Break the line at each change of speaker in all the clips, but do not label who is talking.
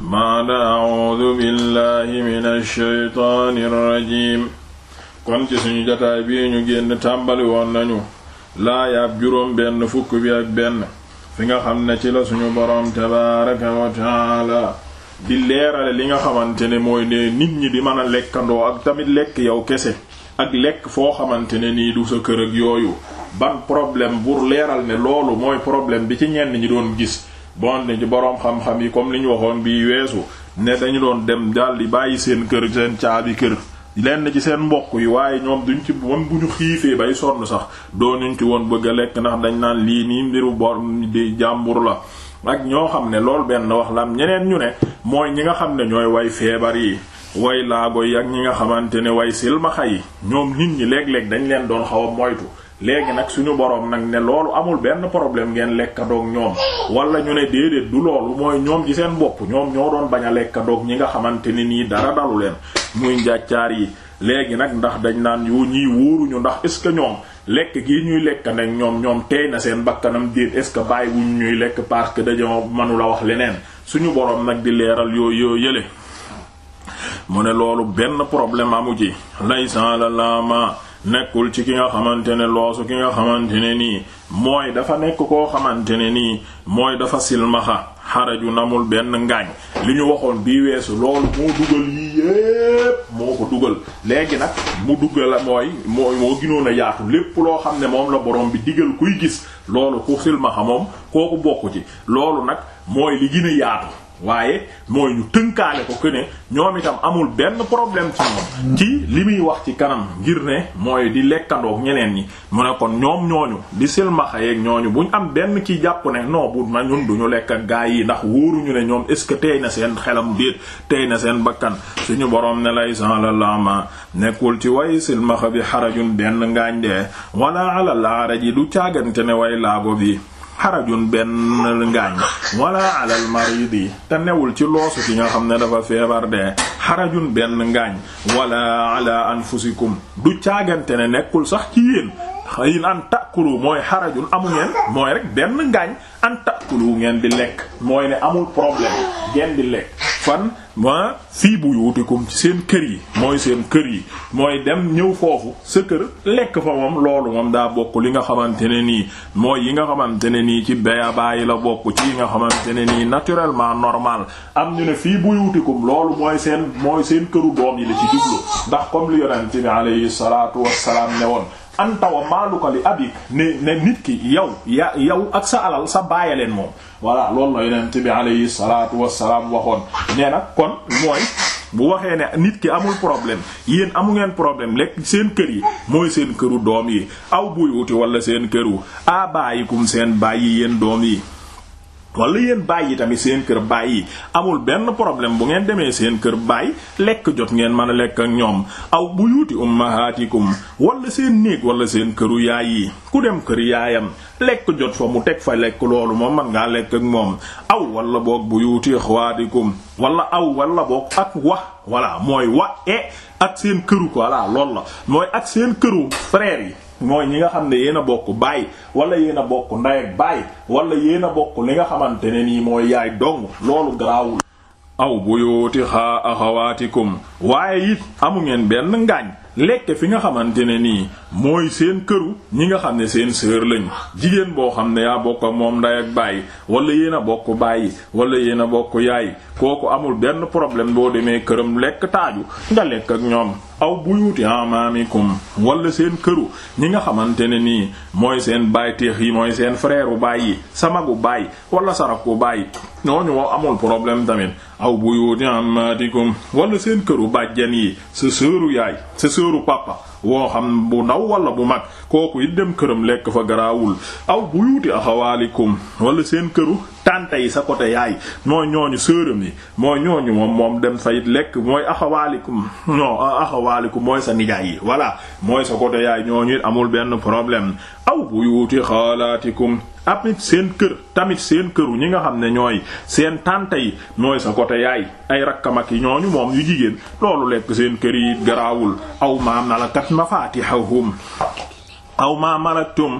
baada audu billahi min alsheytaani irrajim kon ci suñu jataay bii ñu génn tàmbali woon nañu laayaab juróom benn fukk bi ak benn fi nga xam ne ci la suñu boroom tabaaraka wa di leerale li nga xamante ne mooy ne nit ñi di mën a lekkandoo ak tamit lekk yow kese ak lekk foo xamante ne nii du sa kër yooyu ban problème pour leeral ne loolu mooy problème bi ci ñenn ñi doon gis bon ne ci boroom xam-xam yi comme li ñu waxoon bii weesu ne dañu doon dem daal di bàyyi seen kër seen caabi kër lenn ci seen mbokk yi waaye ñoom duñ ci moom bu ñu xiifee bay sonn sax doonuñ ci woon bëgg a lekk ndax dañ naan lii nii mbiru bor di jàmbur la ak ñoo xam ne loolu benn wax lam ñeneen ñu ne mooy ñi nga xam ne ñooy way feebar yi way laago yi ak ñi nga xamante ne way silmaxa yi ñoom nit ñi léeg-léeg dañu leen doon xaw a moytu léegi nag suñu boroom nag ne loolu amul benn problème ngeen lekkandoog ñoom wala ñu ne déedéet du loolu mooy ñoom ci seen bopp ñoom ñoo doon baña a lekkandoog ñi nga xamante ne nii dara dalu leen muy njàccaar yi léegi nag ndax dañ naan yu ñii wóoruñu ndax est que ñoom lekk gii ñuy lekk nag ñoom ñoom tey na seen bakkanam déet est-ce que bàyyi wuñ ñuy lekk parce que dañoo mënula wax leneen suñu boroom nag di leeral yoo yoo yële mu ne loolu benn problème amu ci laysa la laama nekkul ci ki nga xamante ne loosu ki nga xamante ne nii mooy dafa nekk koo xamante ne nii mooy dafa silmaxa xaraju namul benn ngaañ li ñu waxoon bii weesu loolu moo dugal yii yépp moo ko dugal léegi nag mu dugal mooy mooy moo ginoon a yaatu lépp loo xam ne moom la borom bi digal kuy gis loolu ku silmaxa moom kooku bokk ci loolu nag mooy li gën a yaatu waaye mooy ñu tënkaale ko que ne ñoom itam amul benn problème ci ñoom ci li muy wax ci kanam ngir ne mooy di lekkandoog ñeneen ñi mu ne kon ñoom ñooñu di silmaxa yeeg ñooñu buñ am benn ki jàpp ne noo bu ma ñun duñu lekk ak gaa yi ndax wóoruñu ne ñoom est ce que tey na seen xelam déet tey na seen bakkan suñu borom ne lay la lama nekkul ci way silmaxa bi xarajun benn ngaañ dee wala ala ji du caagante ne way laago bi xarajun benn ngaañ wala alal maridi te newul ci loosu ki nga xam ne dafa feebar de xarajun benn ngaañ wala ala anfusikum du caagante ne nekkul sax ci yéen xëy na an takulu mooy xarajun amu ngeen mooy rek benn ngaañ an takulu ngeen di lekk mooy ne amul problème ngeen di lekk. fan ma fii buyutikum ci seen kër yi mooy seen kër yi mooy dem ñëw foofu sa kër lekk fa moom loolu moom daa bokk li nga xamante ne nii mooy yi nga xamante ne nii ci bàyyi la bokk ci yi nga xamante ne nii naturellement normal am ñu ne fii buyutikum loolu mooy seen mooy seen këru doom yi la ci jublu ndax comme li yonent bi alayhi salaatu wassalaam ne woon anta wa maaluka li abik yi ne nit ki yow ya yow ak sa alal sa bàyyi leen moom voilà loolu la yonent bi alayhi salaatu wassalaam waxoon nee nag kon mooy bu waxee ne nit ki amul problème yéen amu ngeen problème lekk seen kër yi mooy seen këru doom yi aw buyuuti wala seen këru abaayikum seen bàyyi yéen doom yi wala yéen bàyyi tamit seen kër bàyyi amul benn problème bu ngeen demee seen kër baay lekk jot ngeen mën a lekk ak ñoom aw bu yuuti ummahatikum wala seen néeg wala seen këru yaay yi ku dem kër yaayam lekk jot fa mu teg fa lekk loolu moom man ngaa lekk ak moom aw wala boog bu yuuti ixwaadikum wala aw walla boog ak wax voilà mooy wa e ak seen këru ko voilà loolu la mooy ak seen këru frère yi mooy ñi nga xam ne yéen a bokk baay wala yéen a bokk ndey baay wala yéen a bokk li nga xamante ne nii mooy yaay dong loolu garaawul aw buyooti xaa axawaatikum waaye it amu ngeen benn ngaañ lekk fi nga xamante ne nii mooy seen këru ñi nga xam ne seen sœur lañ jigéen boo xam ne yaa bokk moom nday ak baay wala yéen a bokk bàyyi wala yéen a bokk yaay kooku amul benn problème boo demee këram lekk taaju ak ñoom aw buyuuti amaamikum wala seen këru ñi nga xamante ne nii mooy seen baay teex yi mooy seen frère u baay yi sa magu baay wala sa rakku baay ñooñu woo amul problème tamit aw buyuuti amaatikum wala seen këru bàjjan yi sa sœuru yaay sa sœur sëru papa woo xam bu ndaw walla bu mag kooku it dem këram lekk fa garaawul aw buyuuti axawaalikum wala seen këru tante yi sa côté yaay mooy ñooñu sëram yi mooy ñooñu moom moom dem fa it lekk mooy axawaalikum mooy sa nijaay yi voilà mooy sa côté ñooñu it amul benn problème aw buyuuti xaalaatikum amit seen kër tamit seen këru ñi nga xam ne ñooy seen tante yi ñooy sa côté yaay ay rakkam ak yi ñooñu moom yu jigéen loolu lekk seen kër yi garaawul aw maam na la kat mafatihahum aw ma malaktum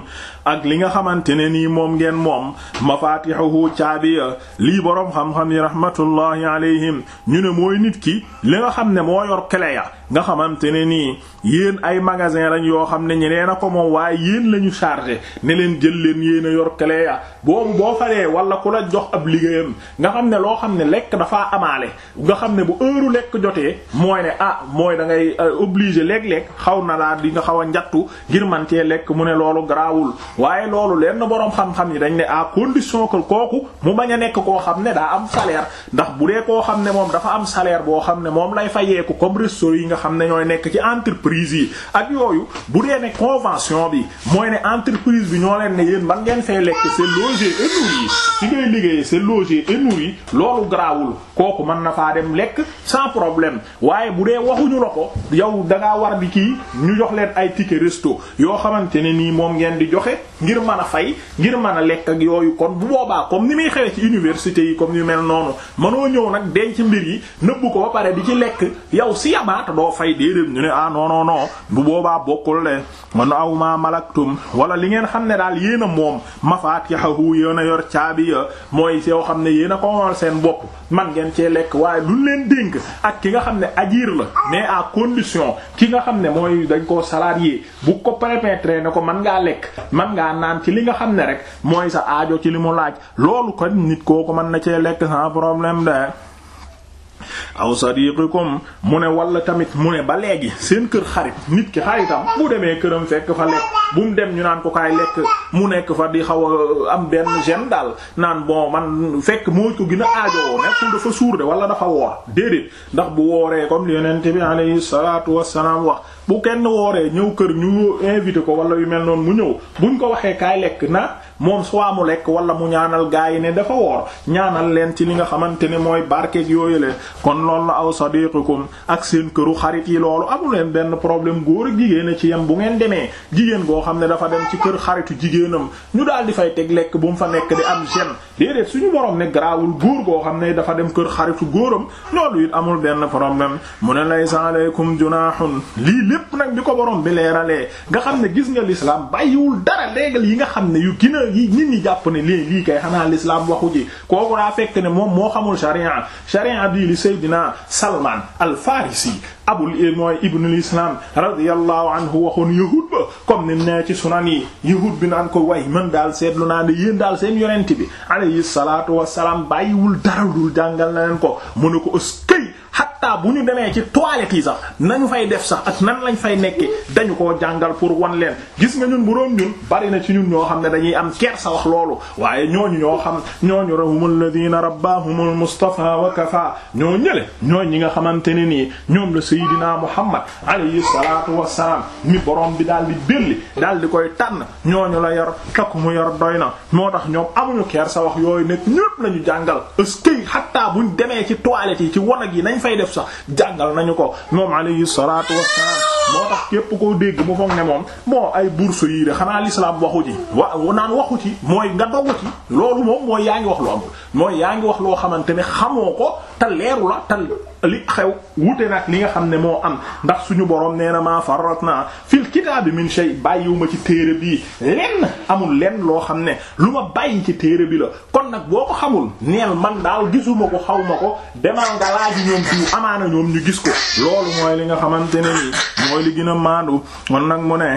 ak li nga xamante ne nii moom ngeen moom mafatihuhu caabiya lii boroom xam-xam yi rahmatullahi alayhim ñu ne mooy nit ki li nga xam ne moo yor clé ya nga xamante ne nii yéen ay magasin lañ yoo xam ne ñeneen a ko moom waaye yéen la ñu chargé ne leen jël leen yéen a yor clé ya boobu boo faree wala ku la jox ab liggéeyam nga xam ne loo xam ne lekk dafaa amaale nga xam ne bu heure lekk jotee mooy ne ah mooy da ngay euh, obligé léeg-léeg xaw na laa di nga xaw a njattu ngir man cee lekk mu ne loolu garaawul waaye loolu lenn boroom xam-xam yi dañ ne à condition que kooku mu bañ a nekk koo xam ne daa am salaire ndax bu dee koo xam ne moom dafa am salaire boo xam ne moom lay fayeeku xam ne ñooy nekk ci entreprise yi ak yooyu bu dee ne convention bi mooy ne entreprise bi ñoo leen ne yéen man ngeen fay lekk seen logé et nourri ci ngay liggéeyee c'est logé et nourri loolu garaawul kooku mën na faa dem lekk sans problème waaye bu dee waxuñu la ko yow da ngaa war di kii ñu jox leen ay ticket resto yoo xamante ne nii moom ngeen di joxe ngir mën a fay ngir mën a lekk ak yooyu kon bu boobaa comme ni muy xewee ci université yi comme yu mel noonu mënoo ñëw nag denc mbir yi nëbbu ko ba di ci lekk yow si yabaat doo koo fay déedéet ñu ne ah non bu boobaa bokkul de man aw maa malaktum wala li ngeen xam ne daal yéen a moom mafaatihahu yéen a yor caabi ya mooy yoo xam ne yéen a ko moom seen bopp man ngeen cee lekk waaye duñ leen dénk ak ki nga xam ne ajir la mais à condition ki nga xam ne mooy dañ koo salarié bu ko permettre ne ko man ngaa lekk man ngaa naan ci li nga xam ne rek mooy sa aajo ci li mu laaj loolu kon nit kooku mën na cee lekk sans problème de aw sadiqikum mu ne walla tamit mu ne ba léegi seen kër xarit nit ki xaritam bu demee këram fekk fa lekk bu dem ñu naan ko kaay lekk mu nekk fa di xaw a euh, am benn gene daal naan bon man fekk moo ko gën a aajowoo nekkul dafa suur de wala dafa woor déedéet ndax bu wooree comme li yonent bi alayhi salaatu wax bu kenn wooree ñëw kër ñu invité ko wala yu mel noonu mu ñëw buñ ko waxee kaay lekk na moom soit mu lekk wala mu ñaanal gaa yi ne dafa woor ñaanal leen ci li nga xamante ne mooy barkeeg yooyule kon loolu la aw sadiqukum ak seen këru xarit yi loolu amu leen benn problème góor ak jigéen ci yam bu ngeen demee jigéen koo xam ne dafa dem ci kër xaritu jigéenam ñu daal fay teg lekk bu mu fa nekk di am gene déedéet suñu borom ne garaawul góor goo xam ne dafa dem kër xaritu góoram loolu it amul benn problème mu ne laysa aleykum junahun lii lépp nag bi ko borom bi leeralee nga xam ne gis nga l'islam bàyyiwul dara léegal yi nga xam ne yu gën a yi nit ñi jàpp ne léeg lii kay xanaa l'islam waxu ji kooku daa fekk ne moom moo xamul sharia sharia bii li Seydina Salman al Farisi abul eh, mooy ibnul islam radiyallahu anhu waxoon yahud ba comme ni nee ci sunan bi naan ko way man daal seetlu naa ne yéen daal seen yonent bi alayhi salaatu wassalaam bàyyiwul dara dul jàngal na leen ko mu ne ko ës hatta bu ñu demee ci toilette yi sax nañu fay def sax ak nan lañ fay nekkee dañu koo jàngal pour wan leen gis nga ñun bu doon ñun bari na ci ñun ñoo xam ne dañuy am kersa wax loolu waaye ñooñu ñoo xam ñooñu rahumul ladina rabbahumul mustafa wa kafa ñoo ñële ñoo ñi nga xamante ne nii ñoom la sayidina muhammad alayhi salatu wasalaam mi borom bi daal di belli daal di koy tànn ñooñu la yor takk mu yor doy na moo tax ñoom amuñu kersa wax yooyu nekk lépp lañu jàngal ëskey xattaa buñ demee ci toilettes yi ci wanag yi nañ fay def sax jàngal nañu ko moom alayhi salaatu wassalaam moo tax képp koo dégg mu foog ne moom bon ay bourse yii de xanaa l'islam waxu ci wa naan waxu ci mooy nga dogu ci loolu moom mooy yaa ngi wax lu am mooy yaa ngi wax loo xamante ne xamoo ko te leeru la te li xew wute nag li nga xam ne moo am ndax suñu borom nee na maa farratna fil kitaabi min shay bàyyiwuma ci téere bii lenn amul lenn loo xam ne lu ma bàyyi ci téere bi la kon nag boo ko xamul neel man daal gisuma ko xaw ko demal nga laaji ñoom gis ko loolu mooy li gën a maandu kon nag mu ne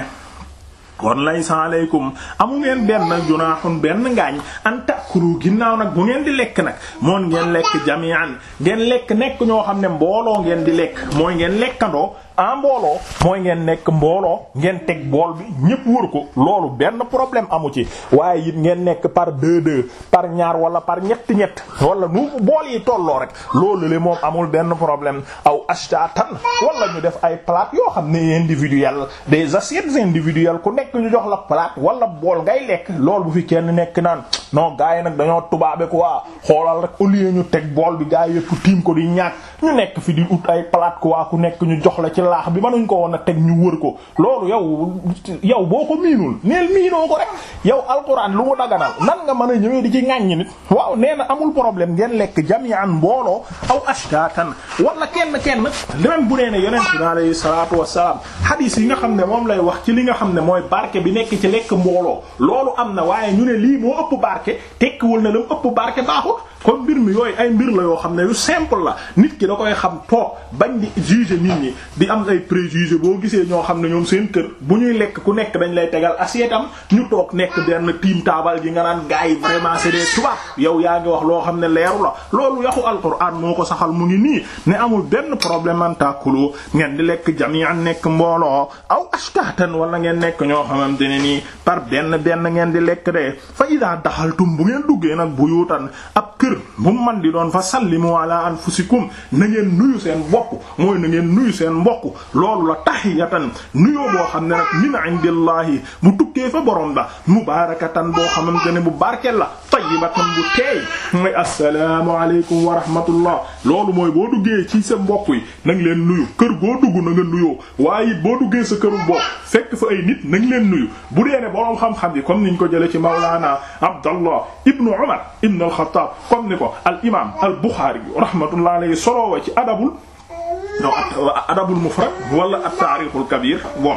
kon lay alaykum amu ngeen benn junaaxun benn ngaañ an takuru ginnaaw nag bu ngeen di lekk nag moon ngeen lekk jami'an ngeen lekk nekk ñoo xam ne mbooloo ngeen di lekk mooy ngeen lekkandoo en ah, mbooloo mooy ngeen nekk mbooloo ngeen teg bool bi ñépp wër ko loolu benn problème amu ci waaye it ngeen nekk par deux deux par ñaar wala par ñett ñett wala nu bool yi tolloo rek loolu le moom amul benn problème aw ashtatan wala ñu def ay plate yoo xam ne individuel des assiettes individuelles ku nekk ñu jox la plate wala bool ngay lekk lool bu fi kenn nekk naan no gars yi nag dañoo tubaabe quoi xoolal rek au ñu teg bool bi gars yi yëpp tiim ko di ñaak nekk fi ci ci laax bi mënuñ ko woon a teg ñu wër ko loolu yow yow boo ko miinul neel miinoo ko rek yow alquran lu mu daganal nan nga mën a ñëwee di ci ŋàññi nit waaw nee na amul problème ngeen lekk jami'an mbooloo aw ashtatan wala kenn kenn même bu nee ne yonent bi alayhi salaatu wassalaam hadith yi nga xam ne moom lay wax ci li nga xam ne mooy barke bi nekk ci lekk mbooloo loolu am na waaye ñu ne lii moo ëpp barke tekkiwul na lam ëpp barke baaxut kon mbir mi yooyu ay mbir la yoo xam ne lu simple la nit ki da koy xam toog bañ di juger nit ñi di am ay préjugés boo gisee ñoo xam ne ñoom seen kër bu ñuy lekk ku nekk dañ lay tegal assiette am ñu toog nekk benn tiim taabal ji nga naan gars yi vraiment c'est des tubaab yow yaa ngi wax loo xam ne leeru la loolu yaxu alxuraan moo ko saxal mu ngi nii ne amul benn problème an tàkkuloo ngeen di lekk jami'an nekk mbooloo aw ashtatan wala ngeen nekk ñoo xamante ne nii par benn benn ngeen di lekk de fa ida daxaltum bu ngeen duggee nag buyutan ab kër mbir mu man di doon fa sallimu ala anfusikum na ngeen nuyu seen bopp mooy na ngeen nuyu seen mbokk loolu la tahiyatan nuyoo boo xam ne nag min indillahi mu tukkee fa borom ba mubarakatan boo xam xamante ne bu barkeel la tayyibatan bu teey mooy assalaamu aleykum wa rahmatullah loolu mooy boo duggee ci sa mbokk yi na leen nuyu kër goo dugg na nga nuyoo waaye boo duggee sa këru bopp fekk fa ay nit na leen nuyu bu dee ne borom xam-xam yi comme niñ ko jëlee ci Mawlana Abdallah ibnu xam ne ko al imaam al Buxaari rahmatullah alayhi soloowa ci adabul non adabul mufrad wala at-taariixul kabiir bon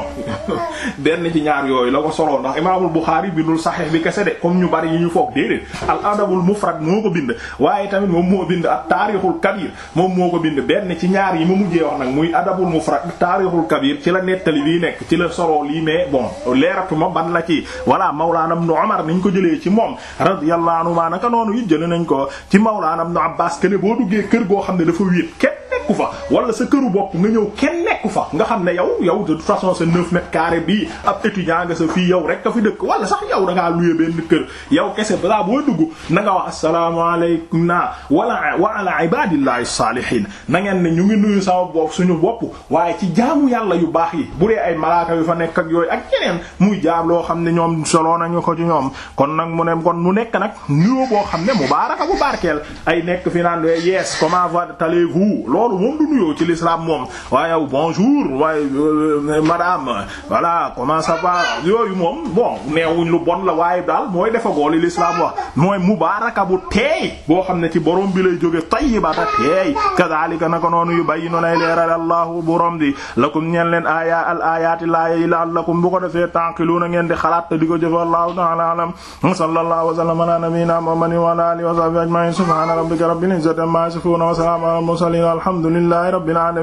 benn ci ñaar yooyu la ko soloo ndax imaamul Buxaari bindul saxiix bi kese de comme ñu bari yi ñu foog déedéet al adabul mufrad moo ko bind waaye tamit moom moo bind at-taariixul kabiir moom moo bind benn ci ñaar yi ma mujjee wax nag muy adabul mufrad taariixul kabiir ci la nettali lii nekk ci la soloo lii mais bon leeratuma ban la ci voilà mawlaana ibnu Umar ñu ko jëlee ci moom radiyallahu anhu naka noonu it jëlee nañ ko ci mawlaana ibnu Abbaas kene boo duggee kër goo xam ne dafa wéet nekku fa wala sa këru bopp nga ñëw kenn nekku fa nga xam ne yow yow de toute façon sa neuf mètres carrés bi ab étudiant nga sa fii yow rek ka fi dëkk wala sax yow da ngaa benn kër yow kese balaa boo dugg na nga wax asalaamaaleykum na wala wa ala ibadillahi salihin na ngeen ne ñu ngi nuyu sama bopp suñu bopp waaye ci jaamu yàlla yu baax yi bu dee ay malaaka yu fa nekk ak yooyu ak yeneen muy jaam loo xam ne ñoom solo nañu ko ci ñoom kon nag mu ne kon mu nekk nag nuyoo boo xam ne mubaaraka bu barkeel ay nekk fi naan yees comment va allez-vous loolu moom du ci l'islam moom bonjour waaye euh, euh, madame voilà comment ça va yooyu moom bon neewuñ lu bon la waaye daal mooy defagoo li l'islam wax mooy mubaaraka bu teey boo xam ne ci borom bi lay jóge tayyibata teey kadhalika naka noonu yu bàyyi noonu ay leeral allahu borom di lakum ñeen leen aya al ayati laaya yi laal lakum bu ko defee taqiluna ngeen di xalaat te di ko jëfe allahu ta'ala alam sallallahu wa sallam ala nabiyyina muhammadin wa ala alihi wa sahbihi ajma'in subhana rabbika rabbil izzati amma yasifun wa salamun ala al mursalin alhamdulillahi rabbil alamin